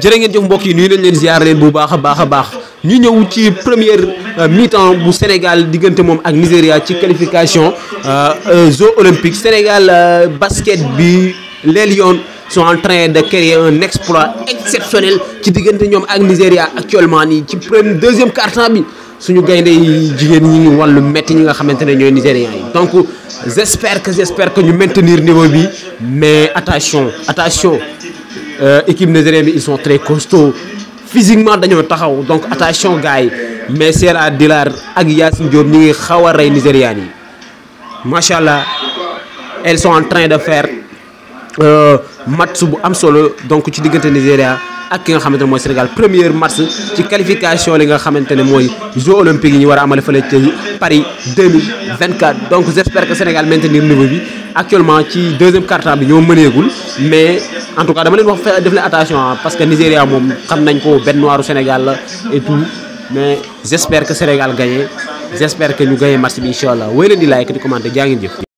jërë ngeen jëf mbokk yi nuyu nañ leen ziar leen bu baax a baax a baax ñu ñëw ci première euh, mi-temps bu Sénégal diggante moom ak Nigeria ci qualification euh, euh, Jeux olympiques Sénégal basket bi les Lions sont en train de créer un exploit exceptionnel ci diggante ñoom ak Nigeria actuellement nii ci premier deuxième quart-temps bi suñu gaynde yi jigéen ñi ngi wàllu métti ñi nga xamante ne ñooy nigérians yi donc j'espère que j'espère que ñu maintenir niveau bi mais attention attention euh, équipe nigérienne ils sont très costauds physiquement dañoo taxaw donc attention gars mais Sera Dilar ak Yassine Diop ñu ngi xaw elles sont en train de faire euh, match bu am solo donc ci dis que ak es nga xamante ne Sénégal premier match ci qualification li nga xamante ne Jeux olympiques yi ñu war Paris 2024 donc j'espère que Sénégal maintenir niveau bi actuellement ci deuxième quart-temps mais. en tout cas dama leen wax def leen attention ah, parce que Nigéria moom xam nañ ko benn noiru Sénégal la et tout mais j' espère que Sénégal gagné j' que ñu gagné match bi incha allah wéy leen di like di commenter jaa ngeen jëf.